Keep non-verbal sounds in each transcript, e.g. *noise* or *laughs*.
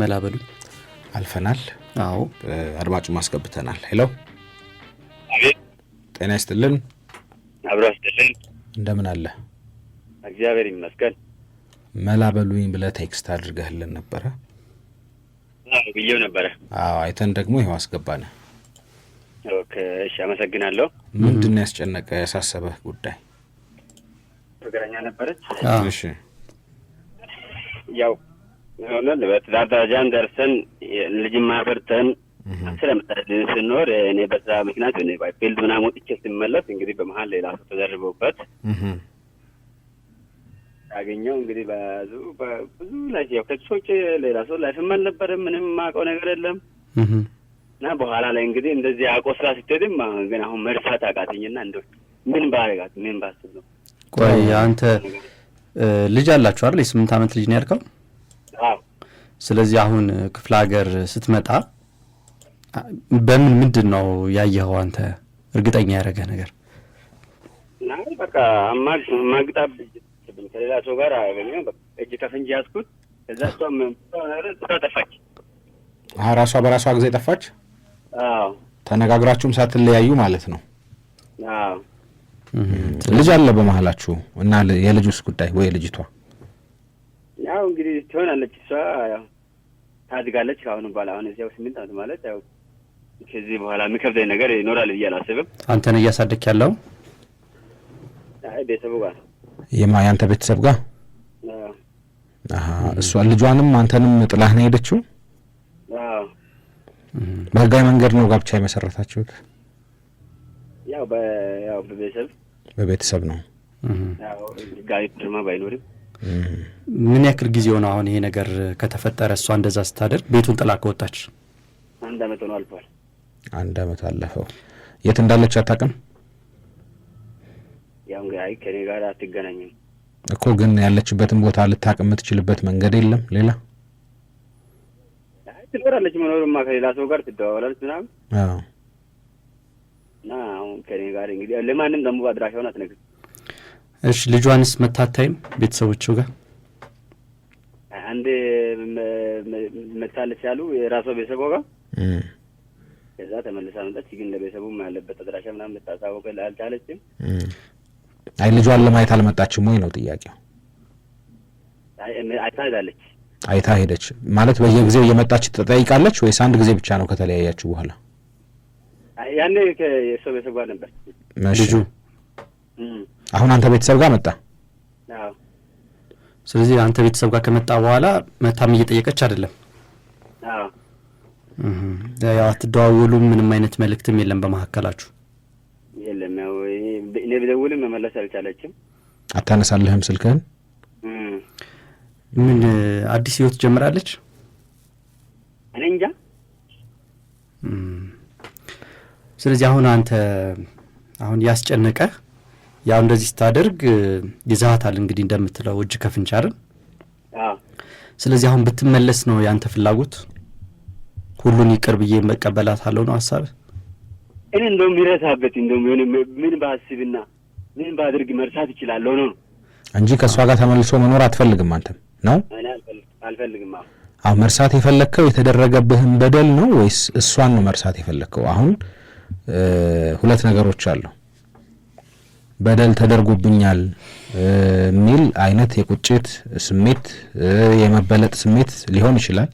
መላበሉ አልፈናል። አዎ አድማጩ ማስገብተናል። ሄሎ ጤና ይስጥልን። አብሮ ይስጥልን። እንደምን አለ? እግዚአብሔር ይመስገን። መላበሉኝ ብለህ ቴክስት አድርገህልን ነበረ ብዬው ነበረ። አዎ አይተን ደግሞ ይኸው አስገባነ። እሺ አመሰግናለሁ። ምንድን ነው ያስጨነቀ ያሳሰበህ ጉዳይ? ነበረች። እሺ ያው ሆነን በትዳር ደረጃን ደርሰን ልጅም አፍርተን ስለምታድን ስኖር እኔ በስራ ምክንያት እኔ ፊልድ ምናምን ወጥቼ ስመለስ እንግዲህ በመሀል ሌላ ሰው ተደርቦበት ያገኘው እንግዲህ በዙ ብዙ ላይ ያው ከሱ ውጭ ሌላ ሰው ላይፍም አልነበረም። ምንም የማውቀው ነገር የለም እና በኋላ ላይ እንግዲህ እንደዚህ አውቆ ስራ ስትሄድም ግን አሁን መርሳት አቃተኝና እንደ ምን ባረጋት ምን ባስብ ነው። ቆይ አንተ ልጅ አላችሁ አይደል? የስምንት ዓመት ልጅ ነው ያልከው? ስለዚህ አሁን ክፍለ ሀገር ስትመጣ በምን ምንድን ነው ያየኸው አንተ እርግጠኛ ያደረገ ነገር? በቃ ማግጣብ ከሌላ ሰው ጋር እጅ ከፍንጅ ያዝኩት። እዛ እሷም ጠፋች፣ ራሷ በራሷ ጊዜ ጠፋች። ተነጋግራችሁም ሳትለያዩ ማለት ነው። ልጅ አለ በመሀላችሁ እና የልጅ የልጁስ ጉዳይ ወይ ልጅቷ ያው እንግዲህ ትሆናለች እሷ ያው ታድጋለች። ከአሁን በኋላ አሁን እዚያው ስምንት ዓመት ማለት ያው ከዚህ በኋላ የሚከብደኝ ነገር ይኖራል ብዬ አላስብም። አንተን እያሳደግ ያለው ቤተሰቡ ጋር የማ ያንተ ቤተሰብ ጋር እሷ ልጇንም አንተንም ጥላህ ነው ሄደችው። በህጋዊ መንገድ ነው ጋብቻ የመሰረታችሁት? ያው በቤተሰብ በቤተሰብ ነው። ህጋዊ ፊርማ ባይኖርም ምን ያክል ጊዜ ሆነ አሁን ይሄ ነገር ከተፈጠረ? እሷ እንደዛ ስታደርግ ቤቱን ጥላ ከወጣች አንድ አመት ሆኖ አልፏል። አንድ አመት አለፈው። የት እንዳለች አታቅም ያው እንግዲህ አይ ከኔ ጋር አትገናኝም እኮ ግን ያለችበትን ቦታ ልታውቅ የምትችልበት መንገድ የለም። ሌላ ትኖራለች። መኖርማ ከሌላ ሰው ጋር ትደዋወላለች ምናምን እና አሁን ከኔ ጋር እንግዲህ ለማንም ደግሞ አድራሻውን አትነግርም እሺ ልጇንስ መታታይም ቤተሰቦቹ ጋር አንድ መታለች ያሉ የራሷ ቤተሰቦ ጋር ከዛ ተመልሳ መጣች። ግን ለቤተሰቡ ያለበት አድራሻ ምናምን ልታሳወቅ አልቻለችም። አይ ልጇን ለማየት አልመጣችም ወይ ነው ጥያቄው? አይታ ሄዳለች። አይታ ሄደች ማለት በየጊዜው እየመጣች ትጠይቃለች ወይስ አንድ ጊዜ ብቻ ነው ከተለያያችሁ በኋላ? ያኔ የሰው ቤተሰቡ ጋር ነበር ልጁ አሁን አንተ ቤተሰብ ጋር መጣ። ስለዚህ አንተ ቤተሰብ ጋር ከመጣ በኋላ መታም እየጠየቀች አይደለም። ያው አትደዋወሉም፣ ምንም አይነት መልእክትም የለም በመካከላችሁ? የለም። ያው እኔ ብደውልም መመለስ አልቻለችም። አታነሳልህም ስልክህን? ምን አዲስ ህይወት ጀምራለች? እኔ እንጃ። ስለዚህ አሁን አንተ አሁን ያስጨነቀህ ያው እንደዚህ ስታደርግ ይዛሃታል እንግዲህ እንደምትለው እጅ ከፍንጅ አይደል? ስለዚህ አሁን ብትመለስ ነው ያንተ ፍላጎት? ሁሉን ይቅር ብዬ አለው ነው ሀሳብህ? እኔ እንደውም ይረሳበት እንደውም የሆነ ምን ባስብና ምን ባድርግ መርሳት ይችላለሁ ነው እንጂ ከእሷ ጋር ተመልሶ መኖር አትፈልግም አንተም ነው? አልፈልግም። አሁን መርሳት የፈለግከው የተደረገብህን በደል ነው ወይስ እሷን ነው መርሳት የፈለግከው? አሁን ሁለት ነገሮች አሉ። በደል ተደርጎብኛል የሚል አይነት የቁጭት ስሜት፣ የመበለጥ ስሜት ሊሆን ይችላል።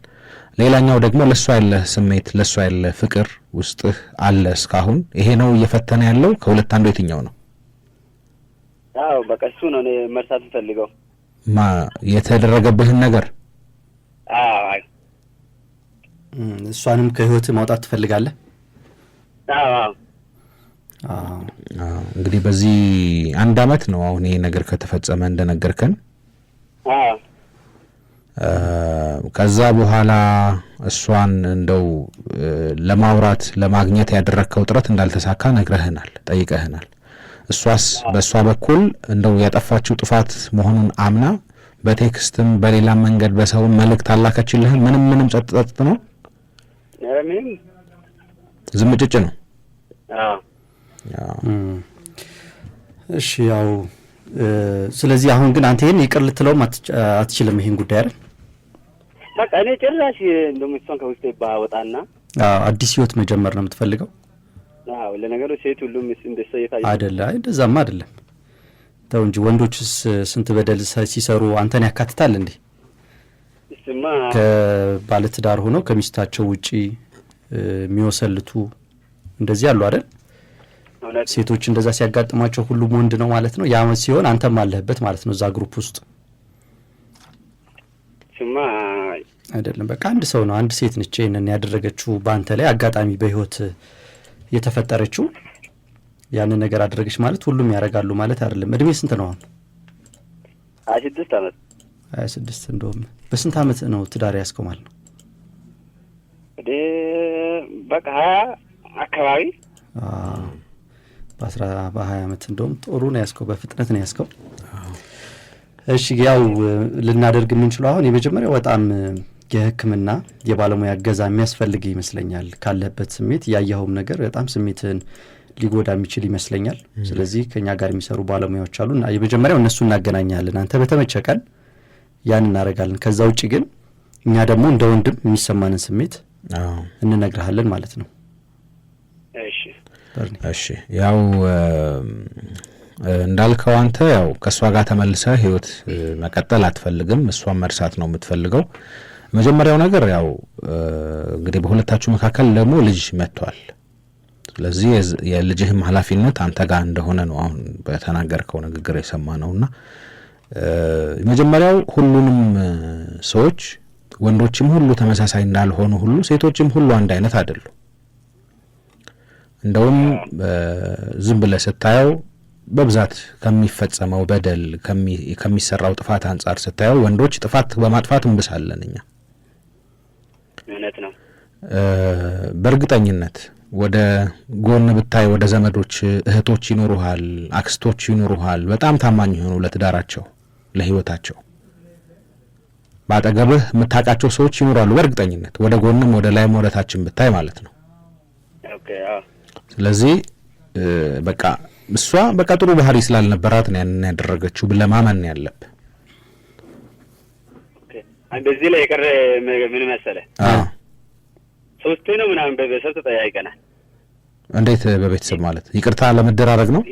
ሌላኛው ደግሞ ለእሷ ያለ ስሜት ለእሷ ያለ ፍቅር ውስጥህ አለ እስካሁን። ይሄ ነው እየፈተነ ያለው። ከሁለት አንዱ የትኛው ነው? አዎ በቃ እሱ ነው እኔ መርሳት ፈልገው ማ የተደረገብህን ነገር እሷንም ከህይወት ማውጣት ትፈልጋለህ? አዎ እንግዲህ በዚህ አንድ አመት ነው አሁን ይሄ ነገር ከተፈጸመ እንደነገርከን። ከዛ በኋላ እሷን እንደው ለማውራት ለማግኘት ያደረግከው ጥረት እንዳልተሳካ ነግረህናል፣ ጠይቀህናል። እሷስ በእሷ በኩል እንደው ያጠፋችው ጥፋት መሆኑን አምና በቴክስትም በሌላ መንገድ በሰው መልእክት አላከችልህም? ምንም ምንም ጸጥ ጸጥ ነው፣ ዝምጭጭ ነው። እሺ ያው ስለዚህ አሁን ግን አንተ ይህን ይቅር ልትለውም አትችልም፣ ይህን ጉዳይ አይደል? በቃ እኔ ጭራሽ እንደምሷን ከውስጥ ባወጣና አዲስ ህይወት መጀመር ነው የምትፈልገው። ለነገሩ ሴት ሁሉም አደለ እንደዛማ አደለም ተው እንጂ ወንዶችስ ስንት በደል ሲሰሩ አንተን ያካትታል እንዴ? ከባለትዳር ሆነው ከሚስታቸው ውጪ የሚወሰልቱ እንደዚህ አሉ አይደል? ሴቶች እንደዛ ሲያጋጥማቸው ሁሉም ወንድ ነው ማለት ነው። ያ ሲሆን አንተም አለህበት ማለት ነው እዛ ግሩፕ ውስጥ ስማ አይደለም። በቃ አንድ ሰው ነው አንድ ሴት ነች ይህንን ያደረገችው በአንተ ላይ አጋጣሚ በህይወት የተፈጠረችው ያንን ነገር አደረገች ማለት ሁሉም ያደርጋሉ ማለት አይደለም። እድሜ ስንት ነው አሁን? ሀያ ስድስት አመት ሀያ ስድስት እንደውም በስንት አመት ነው ትዳር ያስከው ነው? በቃ ሀያ አካባቢ በአስራ በሀያ ዓመት እንደውም ጥሩ ነው ያስከው በፍጥነት ነው ያስከው። እሺ ያው ልናደርግ የምንችለው አሁን የመጀመሪያው በጣም የህክምና የባለሙያ እገዛ የሚያስፈልግ ይመስለኛል። ካለበት ስሜት ያየኸውም ነገር በጣም ስሜትን ሊጎዳ የሚችል ይመስለኛል። ስለዚህ ከኛ ጋር የሚሰሩ ባለሙያዎች አሉ። የመጀመሪያው እነሱ እናገናኛለን። አንተ በተመቸ ቀን ያን እናደርጋለን። ከዛ ውጭ ግን እኛ ደግሞ እንደ ወንድም የሚሰማንን ስሜት እንነግርሃለን ማለት ነው። እሺ እሺ ያው እንዳልከው አንተ ያው ከእሷ ጋር ተመልሰ ህይወት መቀጠል አትፈልግም። እሷን መርሳት ነው የምትፈልገው። መጀመሪያው ነገር ያው እንግዲህ በሁለታችሁ መካከል ደግሞ ልጅ መጥቷል። ስለዚህ የልጅህም ኃላፊነት አንተ ጋር እንደሆነ ነው አሁን በተናገርከው ንግግር የሰማ ነው እና መጀመሪያው ሁሉንም ሰዎች ወንዶችም ሁሉ ተመሳሳይ እንዳልሆኑ ሁሉ ሴቶችም ሁሉ አንድ አይነት አይደሉም። እንደውም ዝም ብለ ስታየው በብዛት ከሚፈጸመው በደል ከሚሰራው ጥፋት አንጻር ስታየው ወንዶች ጥፋት በማጥፋት እንብሳለን። እኛ እውነት ነው። በእርግጠኝነት ወደ ጎን ብታይ ወደ ዘመዶች እህቶች ይኖሩሃል፣ አክስቶች ይኖሩሃል፣ በጣም ታማኝ የሆኑ ለትዳራቸው ለህይወታቸው በአጠገብህ የምታውቃቸው ሰዎች ይኖራሉ። በእርግጠኝነት ወደ ጎንም ወደ ላይም ወደታችን ብታይ ማለት ነው። ስለዚህ በቃ እሷ በቃ ጥሩ ባህሪ ስላልነበራት ነው ያንን ያደረገችው ብለማመን ነው ያለብ በዚህ ላይ የቀረ ምን መሰለ ሶስቴ ነው ምናምን በቤተሰብ ተጠያይቀናል። እንዴት በቤተሰብ ማለት ይቅርታ ለመደራረግ ነው?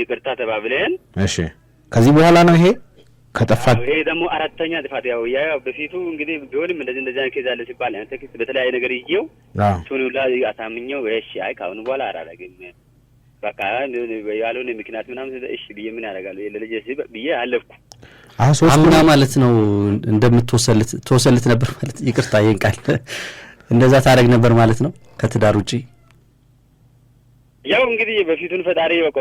ይቅርታ ተባብለን። እሺ ከዚህ በኋላ ነው ይሄ ከጠፋት ይሄ ደግሞ አራተኛ ጥፋት ያው ያው በፊቱ እንግዲህ ቢሆንም እንደዚህ እንደዚህ አይነት ኬዝ አለ ሲባል ያንተ ኬዝ በተለያየ ነገር ይየው እሱን ሁላ አሳምኘው እሺ፣ አይ ካሁን በኋላ አላደርግም በቃ ያልሆነ ምክንያት ምናምን እሺ ብዬ ምን ያደርጋለሁ ለልጅ ብዬ አለፍኩ። አምና ማለት ነው እንደምትወሰልት ትወሰልት ነበር ማለት ይቅርታ፣ ይህን ቃል *laughs* እንደዛ ታደርግ ነበር ማለት ነው ከትዳር ውጪ ያው እንግዲህ በፊቱን ፈጣሪ በቃ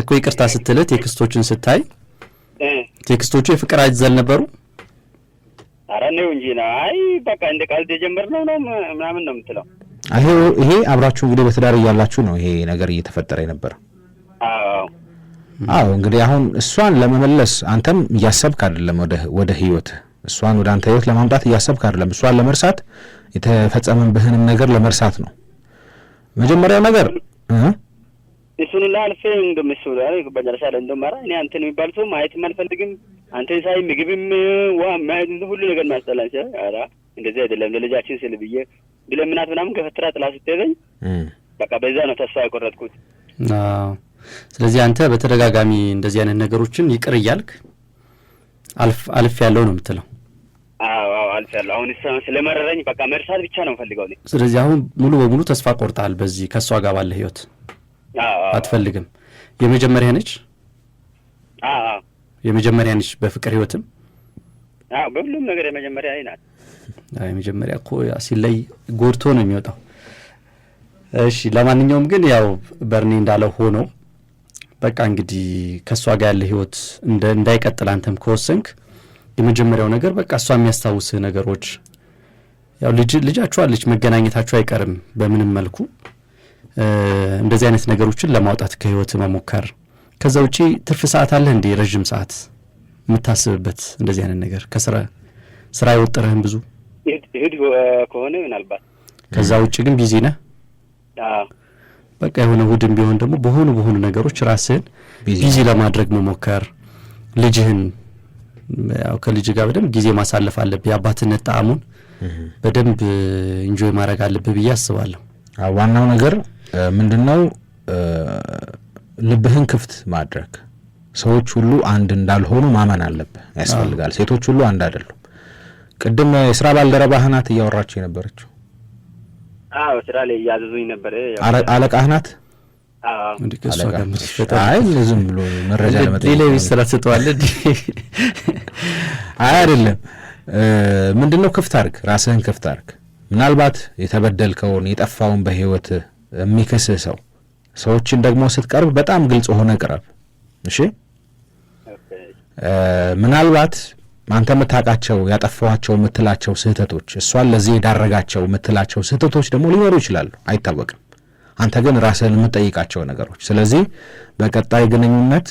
እኮ ይቅርታ ስትልት የክስቶችን ስታይ ቴክስቶቹ የፍቅር አጅዘል ነበሩ። አረ ነው እንጂ ነው። አይ በቃ እንደ ቀልድ የጀመርነው ነው ምናምን ነው የምትለው። ይሄ ይሄ አብራችሁ እንግዲህ በትዳር እያላችሁ ነው ይሄ ነገር እየተፈጠረ የነበረ። አዎ እንግዲህ አሁን እሷን ለመመለስ አንተም እያሰብክ አይደለም ወደ ወደ ህይወት እሷን ወደ አንተ ህይወት ለማምጣት እያሰብክ አይደለም። እሷን ለመርሳት የተፈጸመብህንም ነገር ለመርሳት ነው መጀመሪያው ነገር እሱን አልፌ እንደውም እሱ በመጨረሻ ላይ እንደውም እኔ አንተን የሚባል ሰው ማየትም አልፈልግም፣ አንተን ሳይ ምግብም ዋ ማየት ሁሉ ነገር ማስጠላኝ ሲል ኧረ እንደዚህ አይደለም ለልጃችን ስል ብዬ ብለምናት ምናምን ከፈትራ ጥላ ስትሄደኝ በቃ በዛ ነው ተስፋ የቆረጥኩት። ስለዚህ አንተ በተደጋጋሚ እንደዚህ አይነት ነገሮችን ይቅር እያልክ አልፍ ያለው ነው የምትለው? አዎ አዎ አልፍ ያለው አሁን ስለመረረኝ በቃ መርሳት ብቻ ነው ፈልገው። ስለዚህ አሁን ሙሉ በሙሉ ተስፋ ቆርጣል በዚህ ከእሷ ጋር ባለ ህይወት አትፈልግም። የመጀመሪያ ነች የመጀመሪያ ነች። በፍቅር ህይወትም በሁሉም ነገር የመጀመሪያ ናት። የመጀመሪያ እኮ ሲለይ ጎድቶ ነው የሚወጣው። እሺ ለማንኛውም ግን ያው በርኔ እንዳለው ሆኖ በቃ እንግዲህ ከእሷ ጋር ያለ ህይወት እንዳይቀጥል አንተም ከወሰንክ የመጀመሪያው ነገር በቃ እሷ የሚያስታውስህ ነገሮች ያው ልጃችኋለች፣ መገናኘታችሁ አይቀርም በምንም መልኩ እንደዚህ አይነት ነገሮችን ለማውጣት ከህይወት መሞከር። ከዛ ውጪ ትርፍ ሰዓት አለህ እንዴ? ረዥም ሰዓት የምታስብበት እንደዚህ አይነት ነገር ከስራ ስራ የወጠረህን ብዙ እሑድ ከሆነ ምናልባት። ከዛ ውጭ ግን ቢዚ ነህ። በቃ የሆነ እሑድም ቢሆን ደግሞ በሆኑ በሆኑ ነገሮች ራስህን ቢዚ ለማድረግ መሞከር። ልጅህን ያው ከልጅ ጋር በደንብ ጊዜ ማሳለፍ አለብህ። የአባትነት ጣዕሙን በደንብ እንጆይ ማድረግ አለብህ ብዬ አስባለሁ። ዋናው ነገር ምንድነው ልብህን ክፍት ማድረግ ሰዎች ሁሉ አንድ እንዳልሆኑ ማመን አለብህ ያስፈልጋል። ሴቶች ሁሉ አንድ አይደሉም። ቅድም የስራ ባልደረባህ ናት እያወራችሁ የነበረችው ስራ ላይ እያዘዙኝ ነበር። አለቃህ ናት። ዝም ብሎ መረጃ አይ አይደለም። ምንድነው ክፍት አርግ፣ ራስህን ክፍት አርግ። ምናልባት የተበደልከውን የጠፋውን በህይወትህ የሚከስሰው ሰው። ሰዎችን ደግሞ ስትቀርብ በጣም ግልጽ ሆነ ቅረብ። እሺ፣ ምናልባት አንተ የምታውቃቸው ያጠፋኋቸው የምትላቸው ስህተቶች፣ እሷን ለዚህ የዳረጋቸው የምትላቸው ስህተቶች ደግሞ ሊኖሩ ይችላሉ፣ አይታወቅም። አንተ ግን ራስህን የምትጠይቃቸው ነገሮች። ስለዚህ በቀጣይ ግንኙነት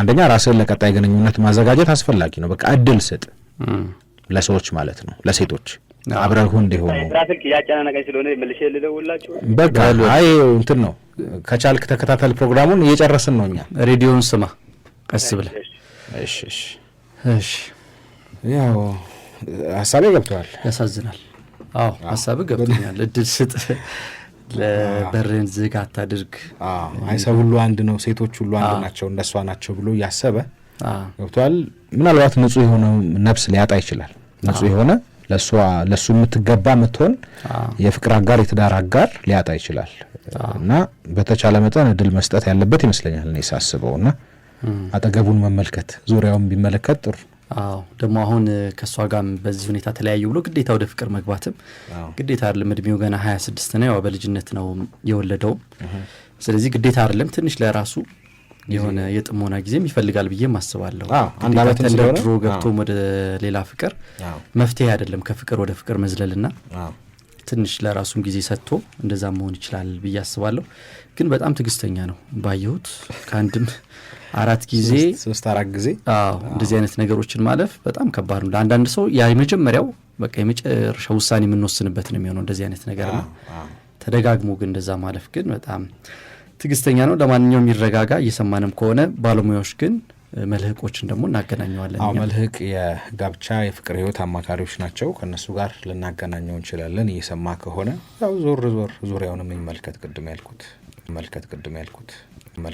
አንደኛ ራስህን ለቀጣይ ግንኙነት ማዘጋጀት አስፈላጊ ነው። በቃ እድል ስጥ፣ ለሰዎች ማለት ነው፣ ለሴቶች አብረርሁ እንዲሆኑ ትራፊክ እያጨናነቀኝ ስለሆነ መልሼ ልደውላችሁ። በቃ አይ እንትን ነው ከቻልክ ተከታተል ፕሮግራሙን እየጨረስን ነው እኛ። ሬዲዮን ስማ ቀስ ብለህ። እሺ እሺ። ያው ሀሳቤ ገብተዋል። ያሳዝናል። አዎ ሀሳብ ገብቶኛል። እድል ስጥ፣ በርን ዝግ አታድርግ። አይ ሰው ሁሉ አንድ ነው፣ ሴቶች ሁሉ አንድ ናቸው፣ እነሷ ናቸው ብሎ እያሰበ ገብተዋል። ምናልባት ንጹህ የሆነ ነፍስ ሊያጣ ይችላል። ንጹህ የሆነ ለእሱ የምትገባ ምትሆን የፍቅር አጋር የትዳር አጋር ሊያጣ ይችላል እና በተቻለ መጠን እድል መስጠት ያለበት ይመስለኛል እኔ ሳስበው እና አጠገቡን መመልከት ዙሪያውን ቢመለከት ጥሩ አዎ ደግሞ አሁን ከእሷ ጋርም በዚህ ሁኔታ ተለያዩ ብሎ ግዴታ ወደ ፍቅር መግባትም ግዴታ አይደለም። እድሜው ገና ሀያ ስድስት ነው። ያው በልጅነት ነው የወለደውም። ስለዚህ ግዴታ አይደለም። ትንሽ ለራሱ የሆነ የጥሞና ጊዜም ይፈልጋል ብዬ ማስባለሁ። አንድ ድሮ ገብቶ ወደ ሌላ ፍቅር መፍትሄ አይደለም። ከፍቅር ወደ ፍቅር መዝለል ና ትንሽ ለራሱም ጊዜ ሰጥቶ እንደዛ መሆን ይችላል ብዬ አስባለሁ። ግን በጣም ትግስተኛ ነው ባየሁት። ከአንድም አራት ጊዜ ሶስት አራት ጊዜ አዎ እንደዚህ አይነት ነገሮችን ማለፍ በጣም ከባድ ነው ለአንዳንድ ሰው። የመጀመሪያው በቃ የመጨረሻ ውሳኔ የምንወስንበት ነው የሚሆነው እንደዚህ አይነት ነገር ነው። ተደጋግሞ ግን እንደዛ ማለፍ ግን በጣም ትግስተኛ ነው። ለማንኛውም ይረጋጋ። እየሰማንም ከሆነ ባለሙያዎች ግን መልህቆችን ደግሞ እናገናኘዋለን። አዎ መልህቅ የጋብቻ የፍቅር ህይወት አማካሪዎች ናቸው። ከእነሱ ጋር ልናገናኘው እንችላለን። እየሰማ ከሆነ ያው ዞር ዞር ዙሪያውንም ይመልከት። ቅድም ያልኩት መልከት ቅድም ያልኩት